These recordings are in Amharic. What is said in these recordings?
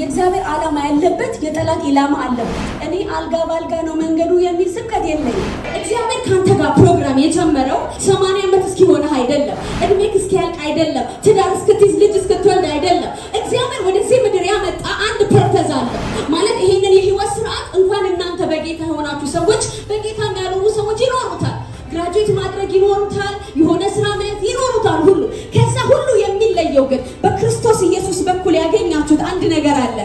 የእግዚአብሔር ዓላማ ያለበት የጠላት ኢላማ አለበት። እኔ አልጋ ባልጋ ነው መንገዱ የሚል ስብከት የለኝ። እግዚአብሔር ከአንተ ጋር ፕሮግራም የጀመረው ሰማንያ ዓመት እስኪሆነህ አይደለም፣ እድሜክ እስኪያልቅ አይደለም፣ ትዳር እስክትይዝ ልጅ እስክትወልድ አይደለም። እግዚአብሔር ወደዚህ ምድር ያመጣ አንድ ፐርፐዝ አለ ማለት ይሄንን የህይወት ስርዓት እንኳን እናንተ በጌታ የሆናችሁ ሰዎች በጌታ ያልሆኑ ሰዎች ይኖሩታል። ግራጁዌት ማድረግ ይኖሩታል። የሆነ ስራ መያዝ ይኖሩታል። ሁሉ ከዛ ሁሉ የሚለየው ግን በክርስቶስ ኢየሱስ በኩል ያገኝ አንድ ነገር አለ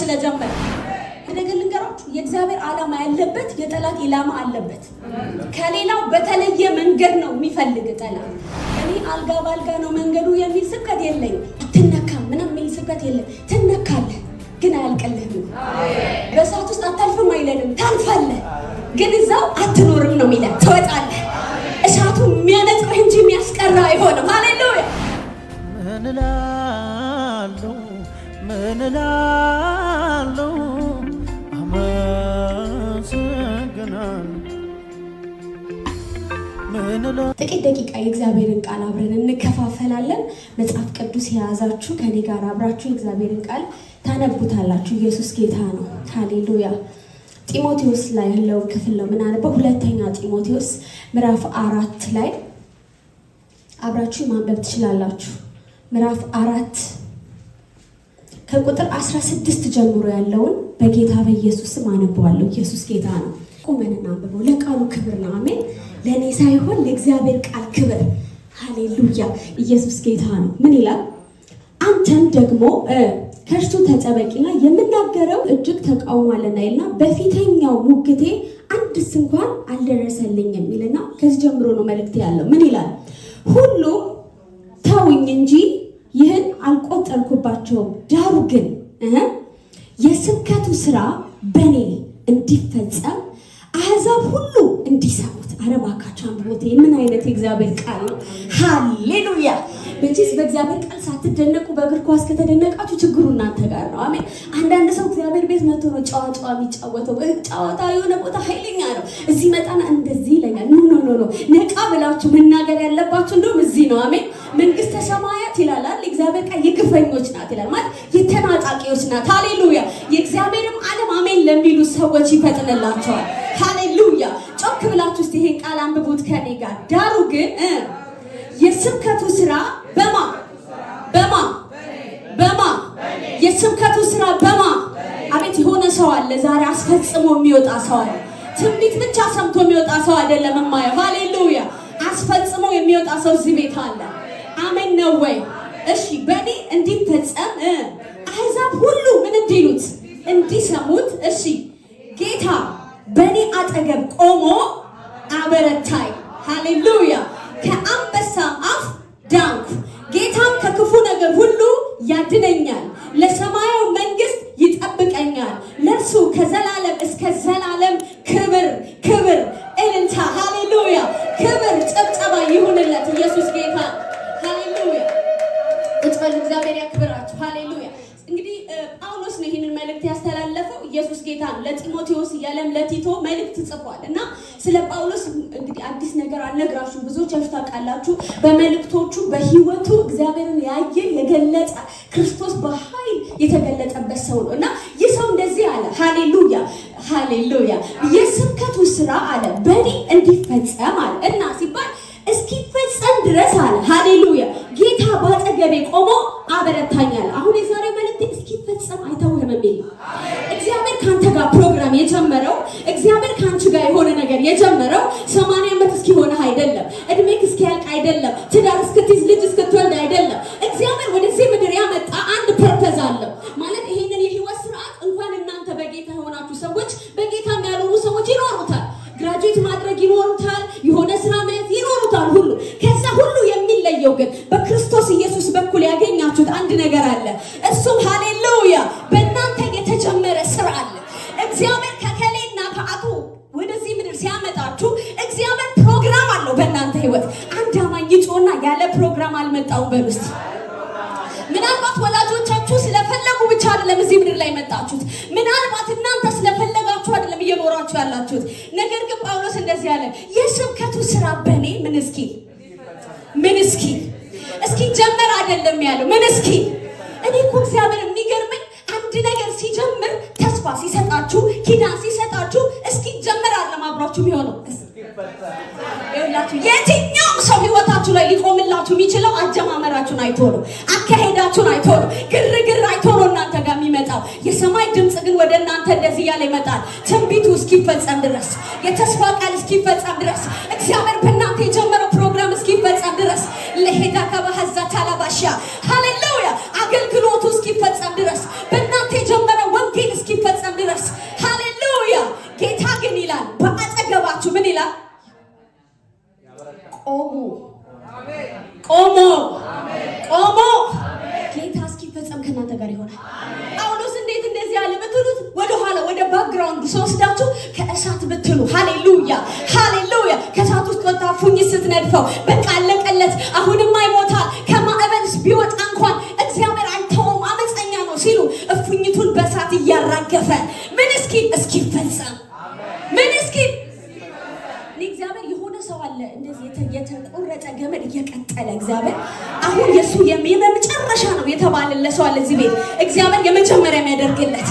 ስለጀመረ ነገር ልንገራችሁ፣ የእግዚአብሔር ዓላማ ያለበት የጠላት ኢላማ አለበት። ከሌላው በተለየ መንገድ ነው የሚፈልግ ጠላት። እኔ አልጋ ባልጋ ነው መንገዱ የሚል ስብከት የለኝ። አትነካም ምንም የሚል ስብከት የለም። ትነካለህ ግን አያልቅልህም። በእሳት ውስጥ አታልፍም አይለንም። ታልፋለህ ግን እዛው አትኖርም ነው የሚለን። ትወጣለህ። እሳቱ የሚያነጥረህ እንጂ የሚያስቀራ አይሆንም። ሃሌሉያ እልላለሁ ጥቂት ደቂቃ የእግዚአብሔርን ቃል አብረን እንከፋፈላለን። መጽሐፍ ቅዱስ የያዛችሁ ከኔ ጋር አብራችሁ የእግዚአብሔርን ቃል ታነቡታላችሁ። ኢየሱስ ጌታ ነው። ሃሌሉያ። ጢሞቴዎስ ላይ ያለውን ክፍል ነው ምናነበው። ሁለተኛ ጢሞቴዎስ ምዕራፍ አራት ላይ አብራችሁ ማንበብ ትችላላችሁ። ምዕራፍ አራት ከቁጥር 16 ጀምሮ ያለውን በጌታ በኢየሱስ ስም አነበዋለሁ። ኢየሱስ ጌታ ነው። ቁመንና አንብበው። ለቃሉ ክብር ነው። አሜን። ለእኔ ሳይሆን ለእግዚአብሔር ቃል ክብር። ሀሌሉያ ኢየሱስ ጌታ ነው። ምን ይላል? አንተን ደግሞ ከእርሱ ተጠበቂና የምናገረው እጅግ ተቃውሟልና ይልና በፊተኛው ሙግቴ አንድስ እንኳን አልደረሰልኝ የሚልና ከዚህ ጀምሮ ነው መልእክት ያለው። ምን ይላል? ሁሉም ተውኝ እንጂ ይህን አልቆጠርኩባቸውም። ዳሩ ግን የስብከቱ ስራ በእኔ እንዲፈጸም አሕዛብ ሁሉ እንዲሰሙት። አረባካቸው አንብቦት። ምን አይነት የእግዚአብሔር ቃል ነው! ሃሌሉያ! በእንጂስ በእግዚአብሔር ቃል ሳትደነቁ በእግር ኳስ ከተደነቃችሁ ችግሩ እናንተ ጋር ነው። አሜን። አንዳንድ ሰው እግዚአብሔር ቤት መቶ ነው ጨዋ ጨዋ የሚጫወተው። ጨዋታ የሆነ ቦታ ኃይለኛ ነው። እዚህ መጣና እንደዚህ ይለኛል። ኖ ኖ ኖ፣ ነቃ ብላችሁ መናገር ያለባችሁ እንደውም እዚህ ነው። አሜን መንግስተ ሰማያት ይላላል እግዚአብሔር ቃል የግፈኞች ናት ይላል ማለት የተናጣቂዎች ናት። ሃሌሉያ! የእግዚአብሔርም ዓለም አሜን ለሚሉ ሰዎች ይፈጥንላቸዋል። ሃሌሉያ! ጮክ ብላችሁ ውስጥ ይሄን ቃል አንብቡት ከኔ ጋር። ዳሩ ግን የስብከቱ ስራ በማ በማ በማ የስብከቱ ስራ በማ አቤት የሆነ ሰው አለ ዛሬ አስፈጽሞ የሚወጣ ሰው አለ። ትንቢት ብቻ ሰምቶ የሚወጣ ሰው አይደለም የማየው። ሃሌሉያ! አስፈጽሞ የሚወጣ ሰው እዚህ ቤት አለ። አሜን ነው ወይ? እሺ በእኔ እንዲፈጸም አሕዛብ ሁሉ ምን እንዲሉት እንዲሰሙት። እሺ ጌታ በእኔ አጠገብ ቆሞ አበረታይ ሃሌሉያ ከአንበሳ አፍ ዳንኩ። ጌታም ከክፉ ነገር ሁሉ ያድነኛል። ብዙዎቻችሁ ታውቃላችሁ። በመልእክቶቹ በህይወቱ እግዚአብሔርን ያየ የገለጸ ክርስቶስ በኃይል የተገለጠበት ሰው ነው እና ይህ ሰው እንደዚህ አለ። ሃሌሉያ ሃሌሉያ። የስብከቱ ስራ አለ በእኔ እንዲፈጸም አለ እና ሲባል እስኪፈጸም ድረስ አለ። ሃሌሉያ ጌታ ባጠገቤ ቆሞ አበረታኛል። አሁን የዛሬ መልእክት እስኪፈጸም አይተውህም የሚል እግዚአብሔር ከአንተ ጋር ፕሮግራም የጀመረው እግዚአብሔር ከአንቺ ጋር የሆነ ነገር የጀመረው ሰማንያ Террарская, ты из Лидиска, መንግስት። ምናልባት ወላጆቻችሁ ስለፈለጉ ብቻ አይደለም እዚህ ምድር ላይ የመጣችሁት። ምናልባት እናንተ ስለፈለጋችሁ አይደለም እየኖራችሁ ያላችሁት። ነገር ግን ጳውሎስ እንደዚህ አለ፣ የስብከቱ ስራ በእኔ ምን እስኪ ምን እስኪ እስኪ ጀመር አይደለም ያለው ምን እስኪ እኔ እኮ እግዚአብሔር የሚገርመኝ አንድ ነገር ሲጀምር ተስፋ ሲሰጣችሁ ኪዳን ሲሰጣችሁ እስኪ ጀመር አለም አብሯችሁ የሚሆነው የትኛው ማንም ሰው ህይወታችሁ ላይ ሊቆምላችሁ የሚችለው አጀማመራችሁን አይቶ ነው። አካሄዳችሁን አይቶ ነው። ግርግር አይቶ ነው እናንተ ጋር የሚመጣው። የሰማይ ድምፅ ግን ወደ እናንተ እንደዚህ እያለ ይመጣል። ትንቢቱ እስኪፈጸም ድረስ፣ የተስፋ ቃል እስኪፈጸም ድረስ ጳውሎስ እንዴት እንደዚህ ያለ ብትሉት ወደኋላ ወደ ባክግራውንዱ ስወስዳችሁ ከእሳት ብትሉ ሃሌሉያ፣ ሃሌሉያ ከእሳት ውስጥ ወጣ ፉኝ ስትነድፈው በቃ አለቀለት፣ አሁንማ ይሞታል። ከማዕበልስ ቢወጣ እንኳን እግዚአብሔር አልተወውም፣ አመፀኛ ነው ሲሉ እፉኝቱን በእሳት እያራገፈ ምን እስኪ እስኪፈጸም ምን እስኪ እግዚአብሔር የሆነ ሰው አለ እንደዚህ የተቆረጠ ገመድ እየቀጠለ እግዚአብሔር አሁን የእሱ የመጨረሻ ነው የተባለለ ሰው አለ እዚህ ቤት እግዚአብሔር የመጀመሪያ የሚያደርግለት።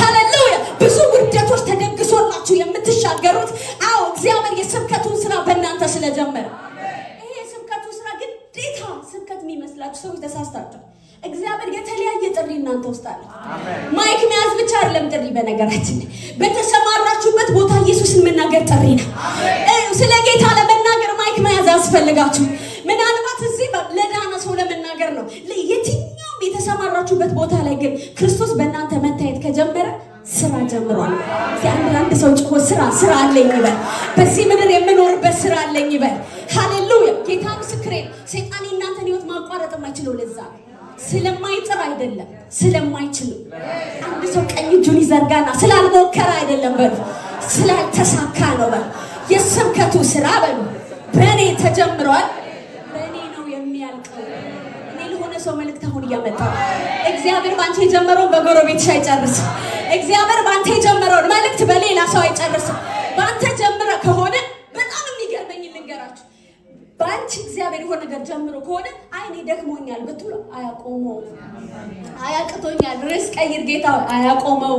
ሃሌሉያ! ብዙ ውርደቶች ተደግሶላችሁ የምትሻገሩት። አዎ እግዚአብሔር የስብከቱን ስራ በእናንተ ስለጀመረ ይሄ የስብከቱ ስራ ግዴታ ስብከት የሚመስላችሁ ሰዎች ተሳስታችሁ እግዚአብሔር የተለያየ ጥሪ እናንተ ውስጥ አለ። ማይክ መያዝ ብቻ አይደለም ጥሪ፣ በነገራችን በተሰማራችሁበት ቦታ ኢየሱስን መናገር ጥሪ ነው። ስለ ጌታ ለመናገር ማይክ መያዝ አስፈልጋችሁ ምናልባት እዚህ ለዳና ሰው ለመናገር ነው በተሰማራችሁበት ቦታ ላይ ግን ክርስቶስ በእናንተ መታየት ከጀመረ ስራ ጀምሯል። አንድ አንድ ሰው ጭሆ ስራ ስራ አለኝ ይበል። በዚህ ምድር የምኖርበት ስራ አለኝ ይበል። ሃሌሉያ! ጌታ ምስክሬ። ሰይጣን የእናንተን ህይወት ማቋረጥ የማይችለው ለዛ ስለማይጥር አይደለም፣ ስለማይችል አንድ ሰው ቀኝ እጁን ይዘርጋና ስላልሞከረ አይደለም፣ በሉ ስላልተሳካ ነው። በሉ የስብከቱ ስራ በሉ በእኔ ተጀምሯል አሁን እያመጣ እግዚአብሔር ባንቺ የጀመረውን በጎረቤትሽ አይጨርስም። እግዚአብሔር ባንተ የጀመረውን መልእክት በሌላ ሰው አይጨርስም። ባንተ ጀምረ ከሆነ በጣም የሚገርመኝ ልንገራችሁ፣ ባንቺ እግዚአብሔር የሆነ ነገር ጀምሮ ከሆነ አይኔ ደክሞኛል ብትሉ አያቆመው፣ አያቅቶኛል ርዕስ ቀይር ጌታ አያቆመው።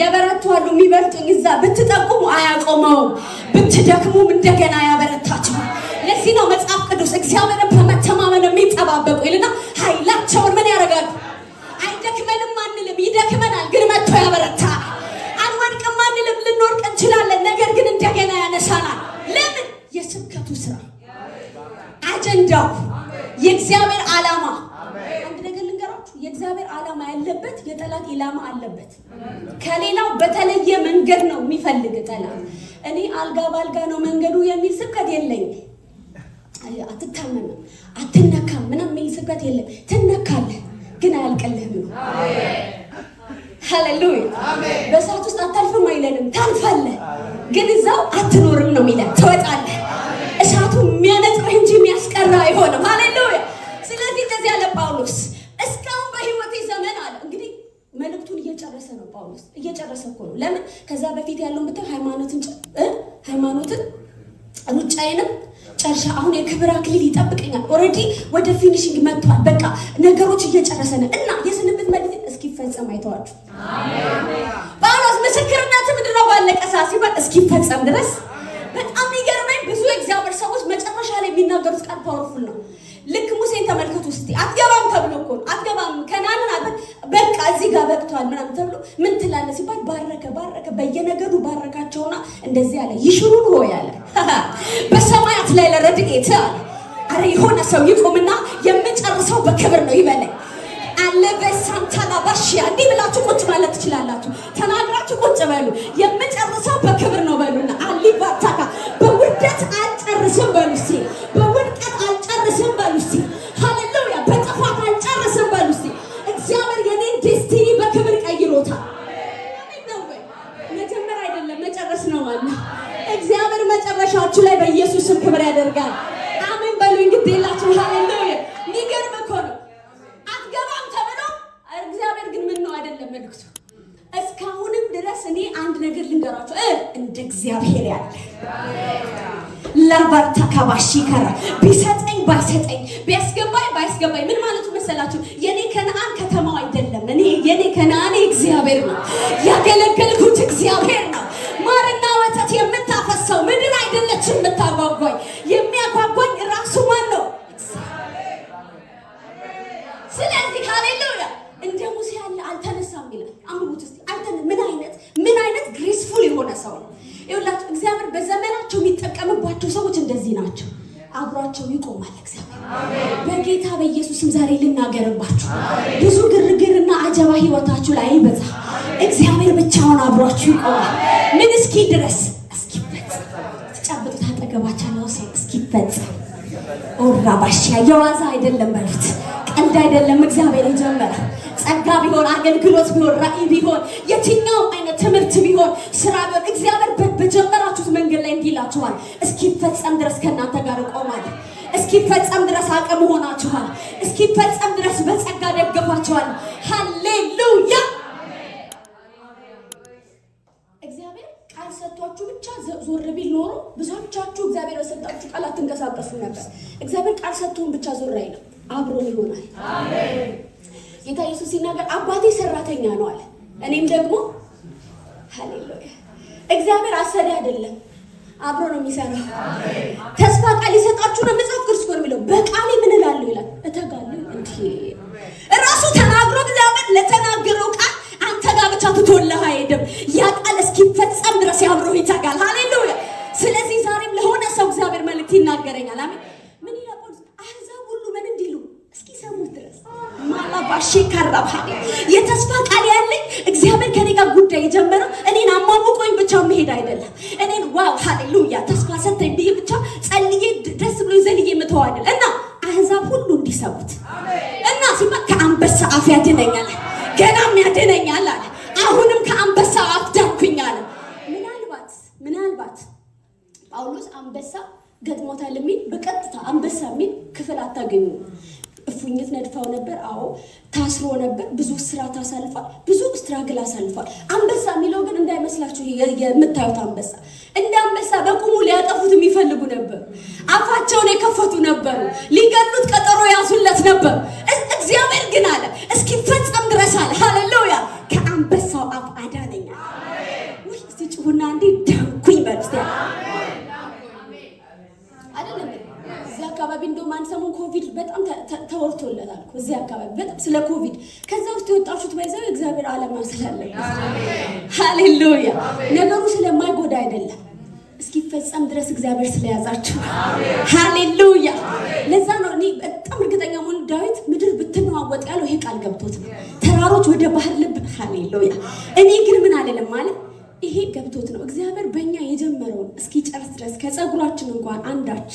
የበረቱ አሉ የሚበልጡኝ እዛ ብትጠቁሙ አያቆመው፣ ብትደክሙም እንደገና ያበረታችሁ። ለዚህ ነው መጽሐፍ ቅዱስ እግዚአብሔርን በመተማመን የሚጠባበቁ ይልና ኃይላቸውን ምን ያደርጋሉ? አይደክመንም አንልም፣ ይደክመናል ግን መጥቶ ያበረታ። አንወድቅም አንልም፣ ልንወድቅ እንችላለን፣ ነገር ግን እንደገና ያነሳናል። ለምን? የስብከቱ ስራ አጀንዳው የእግዚአብሔር ዓላማ አንድ ነገር ልንገራችሁ፣ የእግዚአብሔር ዓላማ ያለበት የጠላት ኢላማ አለበት። ከሌላው በተለየ መንገድ ነው የሚፈልግ ጠላት። እኔ አልጋ ባልጋ ነው መንገዱ የሚል ስብከት የለኝም። አትታመምም፣ አትነካም፣ ምንም የሚል ስጋት የለም። ትነካለህ ግን አያልቅልህም ሃሌሉያ። በእሳት ውስጥ አታልፍም አይለንም። ታልፋለህ ግን እዛው አትኖርም ነው የሚለን። ትወጣለህ። እሳቱ የሚያነጥርህ እንጂ የሚያስቀራ አይሆንም። ሃሌሉያ። ስለዚህ እንደዚህ ያለ ጳውሎስ እስካሁን በሕይወቴ ዘመን አለ። እንግዲህ መልእክቱን እየጨረሰ ነው ጳውሎስ፣ እየጨረሰ እኮ ነው። ለምን ከዛ በፊት ያለውን ብታይ ሃይማኖትን ሃይማኖትን ሩጫዬንም ጨርሻ አሁን የክብር አክሊል ይጠብቀኛል። ኦልሬዲ ወደ ፊኒሽንግ መጥቷል። በቃ ነገሮች እየጨረሰ ነው እና የስንብት መልእክት እስኪፈጸም አይተዋችሁ። ጳውሎስ ምስክርነት ምንድን ነው? ባለቀ ሰዓት ሲባል እስኪፈጸም ድረስ በጣም የሚገርመኝ ብዙ እግዚአብሔር ሰዎች መጨረሻ ላይ የሚናገሩት ቃል ፓወርፉል ነው። ልክ ሙሴን ተመልከቱ እስቲ አትገባም እኮ አትገባም። ከናንን በቃ እዚህ ጋር በቅቷል ምናምን ተብሎ ምን ትላለህ ሲባል ባረከ ባረከ በየነገዱ ባረካቸውና እንደዚህ አለ ይሽሩን ሆይ አለ በሰማያት ላይ ለረድኤት አለ። አረ የሆነ ሰው ይቁምና የምጨርሰው በክብር ነው ይበለኝ አለ በሳንታላ ባሽያ እንዲህ ብላችሁ ቁጭ ማለት ትችላላችሁ። ተናግራችሁ ቁጭ በሉ። የምጨርሰው በክብር ነው በሉና አሊ ባታካ በውርደት አልጨርስም በሉ እስቲ በውድቀት አልጨርስም በሉ እስቲ የሚገባኝ ምን ማለቱ መሰላችሁ? የኔ ከነአን ከተማው አይደለም። እኔ የኔ ከነአኔ እግዚአብሔር ነው። ያገለገልኩት እግዚአብሔር ብዙ ግርግርና አጀባ ህይወታችሁ ላይ ይበዛ እግዚአብሔር ብቻውን አብሯችሁ ይቆማል። ምን እስኪ ድረስ እስኪፈጽም ተጫብጡ ታጠገባቸው ነው ሰው እስኪፈጽም ኦራ የዋዛ አይደለም በሉት፣ ቀልድ አይደለም። እግዚአብሔር የጀመረ ጸጋ ቢሆን አገልግሎት ቢሆን ራእይ ቢሆን የትኛውም አይነት ትምህርት ቢሆን ስራ ቢሆን እግዚአብሔር በጀመራችሁት መንገድ ላይ እንዲላችኋል እስኪፈጸም ድረስ ከእናንተ ጋር እቆማለሁ። እስኪፈጸም ድረስ አቅም ሆናችኋል። እስኪፈጸም ድረስ በጸጋ ደግፋችኋል። ሀሌሉያ እግዚአብሔር ቃል ሰጥቷችሁ ብቻ ዞር ቢል ኖሮ ብዙዎቻችሁ እግዚአብሔር በሰጣችሁ ቃል አትንቀሳቀሱ ነበር። እግዚአብሔር ቃል ሰጥቶን ብቻ ዞር አይልም፣ አብሮን ይሆናል። ጌታ ኢየሱስ ሲናገር አባቴ ሰራተኛ ነው አለ፣ እኔም ደግሞ ሀሌሉያ። እግዚአብሔር አሰሪ አይደለም። አብሮ ነው የሚሰራ። ተስፋ ቃል የሰጣችሁ ነው መጽሐፍ ቅዱስ ነው የሚለው። በቃሌ ምን እላለሁ ይላል፣ እተጋለሁ። እንዴ ራሱ ተናግሮ እግዚአብሔር ለተናገረው ቃል አንተ ጋር ብቻ ትቶልህ አይሄድም። ያ ቃል እስኪፈጸም ድረስ አብሮ ይተጋል። ሃሌሉያ። ስለዚህ ዛሬም ለሆነ ሰው እግዚአብሔር መልእክት ይናገረኛል። አሜን። ምን ይላል አህዛብ ሁሉ ምን እንዲሉ እስኪሰሙት ድረስ ማላባሽ ከራብ የተስፋ ቃል ያለኝ እግዚአብሔር ከሌላ ጉዳይ የጀመረው እኔን አሟሙቆኝ ብቻ መሄድ አይደለም። እኔን ዋው ሃሌሉያ ተስፋ ሰተኝ ብዬ ብቻ ጸልዬ ደስ ብሎ ዘልዬ የምተው አይደለም እና አህዛብ ሁሉ እንዲሰሙት እና ሲባ ከአንበሳ አፍ ያድነኛል፣ ገናም ያድነኛል አለ። አሁንም ከአንበሳ አፍ ዳንኩኝ አለ። ምናልባት ምናልባት ጳውሎስ አንበሳ ገጥሞታል የሚል በቀጥታ አንበሳ የሚል ክፍል አታገኙ። እፉኝት ነድፋው ነበር አዎ ታስሮ ነበር። ብዙ ስራ አሳልፏል። ብዙ ስትራግል አሳልፏል። አንበሳ የሚለው ግን እንዳይመስላችሁ የምታዩት አንበሳ እንደ አንበሳ በቁሙ ሊያጠፉት የሚፈልጉ ነበር። አፋቸውን የከፈቱ ነበሩ። ሊገሉት ቀጠሮ ያዙለት ነበር። እግዚአብሔር ግን አለ እስኪፈጸም ድረስ አለ። ሃሌሉያ! ከአንበሳው አፍ አዳነኛ። ውይ እስቲ እንዴ ዳንኩኝ በልስቲ አንድ ሰሞን ኮቪድ በጣም ተወርቶለታል እዚህ አካባቢ በጣም ስለ ኮቪድ። ከዛ ውስጥ የወጣችሁት ባይዘው እግዚአብሔር ዓለም ስላለበት ሃሌሉያ። ነገሩ ስለማይጎዳ አይደለም እስኪፈጸም ድረስ እግዚአብሔር ስለያዛችሁ ሃሌሉያ። ለዛ ነው እኔ በጣም እርግጠኛ መሆን ዳዊት ምድር ብትነዋወጥ ያለው ይሄ ቃል ገብቶት ነው። ተራሮች ወደ ባህር ልብ ሃሌሉያ። እኔ ግን ምን አልልም ማለት ይሄ ገብቶት ነው። እግዚአብሔር በእኛ የጀመረውን እስኪጨርስ ድረስ ከፀጉራችን እንኳን አንዳች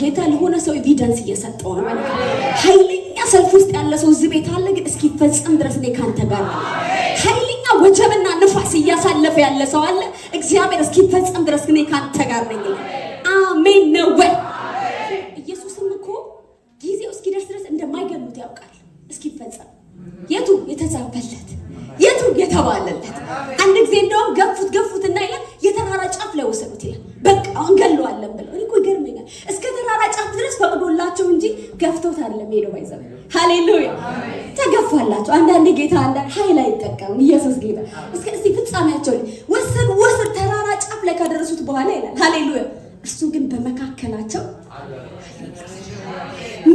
ጌታ ለሆነ ሰው ኤቪደንስ እየሰጠው ነው ማለት ነው። ኃይለኛ ሰልፍ ውስጥ ያለ ሰው እዚህ ቤት አለ፣ ግን እስኪፈጸም ድረስ እኔ ካንተ ጋር ኃይለኛ ወጀብና ንፋስ እያሳለፈ ያለ ሰው አለ፣ እግዚአብሔር እስኪፈጸም ድረስ እኔ ካንተ ጋር ነኝ። አሜን ነው ወይ? ገፍቶት አለ ሄደው ባይዘም ሃሌሉያ ተገፋላችሁ። አንዳንድ ጌታ አንዳንድ ኃይል አይጠቀምም ኢየሱስ ጌታ። እስከ እስቲ ፍጻሜያቸው ወሰን ወሰን ተራራ ጫፍ ላይ ካደረሱት በኋላ ይላል ሃሌሉያ። እሱ ግን በመካከላቸው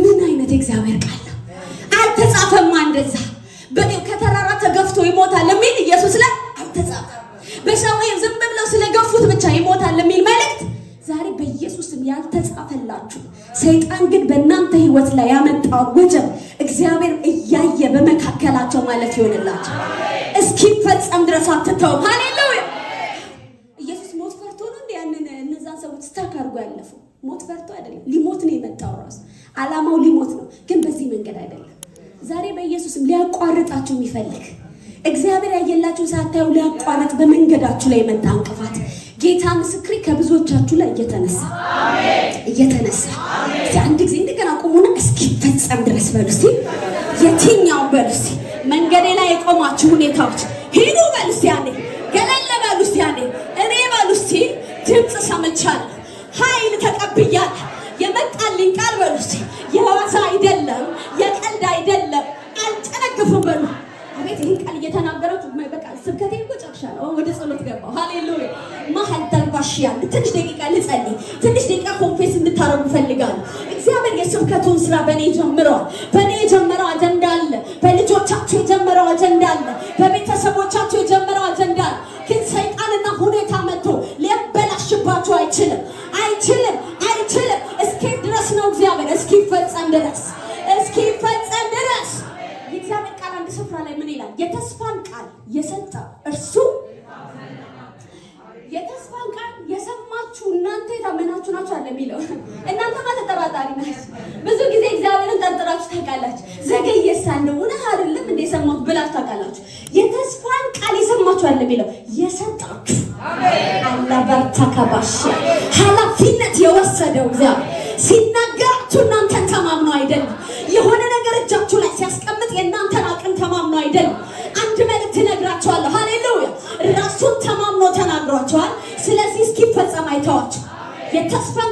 ምን አይነት እግዚአብሔር ቃል ነው! አልተጻፈማ እንደዛ ከተራራ ተገፍቶ ይሞታል ለሚል ኢየሱስ ላይ አልተጻፈም። በሰው ዝም ብለው ስለገፉት ብቻ ይሞታል ለሚል መልእክት ዛሬ በኢየሱስም ያልተጻፈላችሁ ሰይጣን ግን በእናንተ ህይወት ላይ ያመጣው ወጀብ እግዚአብሔር እያየ በመካከላቸው ማለት ይሆንላቸው እስኪፈጸም ድረስ አትተውም። ሃሌሉያ! ኢየሱስ ሞት ፈርቶ ነው እንዲ ያንን እነዛን ሰዎች ስታክ አድርጎ ያለፈው ሞት ፈርቶ አይደለም። ሊሞት ነው የመጣው ራሱ አላማው ሊሞት ነው፣ ግን በዚህ መንገድ አይደለም። ዛሬ በኢየሱስም ሊያቋርጣችሁ የሚፈልግ እግዚአብሔር ያየላችሁ ሳታዩ ሊያቋርጥ በመንገዳችሁ ላይ የመጣ እንቅፋት ጌታ ምስክሪ ከብዙዎቻችሁ ላይ እየተነሳ እየተነሳ አንድ ጊዜ እንደገና ቁሙና እስኪፈጸም ድረስ በሉ የትኛው በሉ መንገዴ ላይ የቆማችሁ ሁኔታዎች ሂዱ በሉ ያኔ ገለለ በሉ ያኔ እኔ በሉ ድምፅ ሰምቻለሁ፣ ኃይል ተቀብያለ የመጣልኝ ቃል በሉ እስቲ፣ የዋዛ አይደለም፣ የቀልድ አይደለም፣ አልጨነግፍም በሉ። አቤት ይህን ቃል እየተናገረው በቃ ስብከቴ ይሻላል። አሁን ወደ ጸሎት ገባሁ። ሃሌሉያ ማህልታን ባሽያ ትንሽ ደቂቃ ልጸልይ፣ ትንሽ ደቂቃ ኮንፌስ እንድታረጉ ፈልጋለሁ። እግዚአብሔር የስብከቱን ስራ በእኔ ጀምረዋል። እንደሆነ አይደለም እንደ የሰማሁት ብላችሁ ታውቃላችሁ። የተስፋን ቃል የሰማችሁ አለ የሚለው የሰጣችሁ ከባሽ ኃላፊነት የወሰደው እግዚአብሔር ሲናገራችሁ እናንተን ተማምኖ አይደለም። የሆነ ነገር እጃችሁ ላይ ሲያስቀምጥ የእናንተን አቅም ተማምኖ አይደለም። አንድ መልእክት እነግራችኋለሁ። ሃሌሉያ! ራሱን ተማምኖ ተናግሯቸዋል። ስለዚህ እስኪፈጸም አይተዋቸው የተስፋን